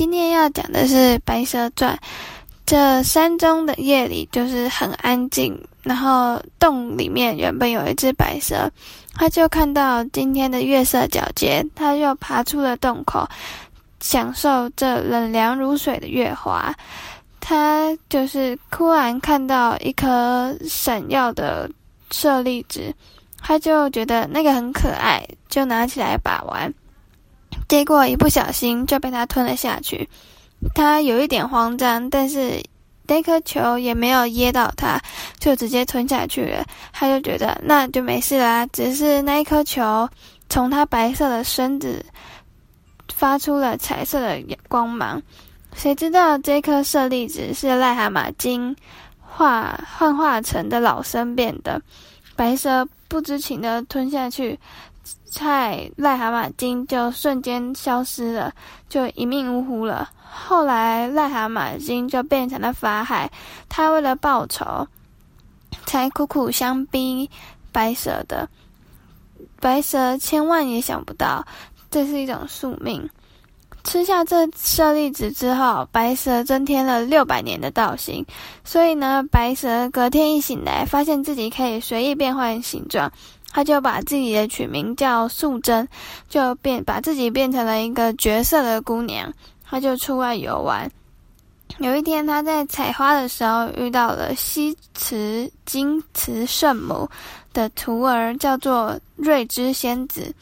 今天要講的是《白蛇傳》。這山中的夜裡就是很安靜，然後洞裡面原本有一隻白蛇，它就看到今天的月色皎潔，它又爬出了洞口，享受這冷涼如水的月華。他就是突然看到一顆閃耀的舍利子，他就覺得那個很可愛，就拿起來把玩。結果一不小心就被他吞了下去，他有一點慌張，但是那顆球也沒有噎到他，就直接吞下去了。他就覺得那就沒事啦，只是那一顆球從他白色的身子發出了彩色的光芒。誰知道這顆舍利子是癩蛤蟆精化幻化成的老身變的，白蛇。不知情的吞下去，菜癩蛤蟆精就瞬間消失了，就一命嗚呼了。後來癩蛤蟆精就變成了法海，他為了報仇，才苦苦相逼白蛇的。白蛇千萬也想不到，這是一種宿命。吃下這舍利子之後，白蛇增添了六百年的道行。所以呢，白蛇隔天一醒來，發現自己可以隨意變換形狀，他就把自己的取名叫素貞，就變把自己變成了一個絕色的姑娘。他就出外遊玩。有一天，他在採花的時候遇到了西池金池聖母的徒兒，叫做瑞之仙子。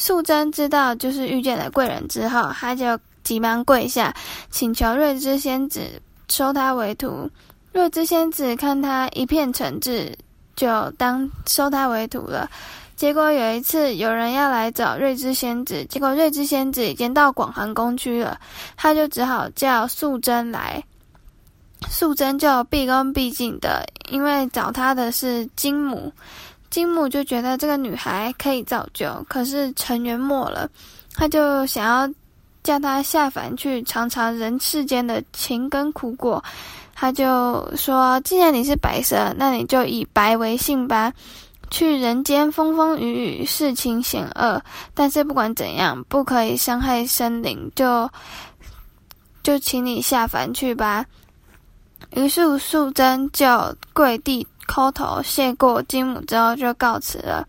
素貞知道就是遇見了貴人之後，他就急忙跪下，請求瑞芝仙子收他為徒。瑞芝仙子看他一片誠摯，就當收他為徒了。結果有一次有人要來找瑞芝仙子，結果瑞芝仙子已經到廣寒宮去了，他就只好叫素貞來。素貞就畢恭畢敬的，因為找他的是金母。金母就覺得這個女孩可以造就，可是塵緣沒了，他就想要叫她下凡去嘗嘗人世間的情跟苦果。他就說：“既然你是白蛇，那你就以白為姓吧，去人間風風雨雨，世情險惡。但是不管怎樣，不可以傷害生靈，就就請你下凡去吧。”於是素貞就跪地。叩頭謝過金母之後就告辭了。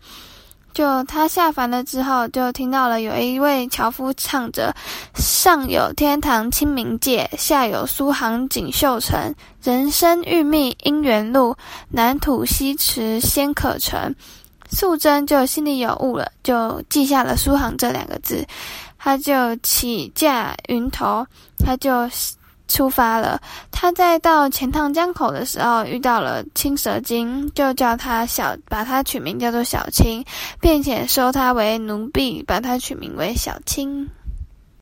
就他下凡了之後，就聽到了有一位樵夫唱着：“上有天堂清明界，下有蘇杭錦繡城。人生欲覓姻緣路，南土西池仙可城。”素貞就心裡有悟了，就記下了“蘇杭”這兩個字。他就起駕雲頭，他就。出發了。他在到錢塘江口的時候，遇到了青蛇精，就叫他小，把他取名叫做小青，並且收他為奴婢，把他取名為小青。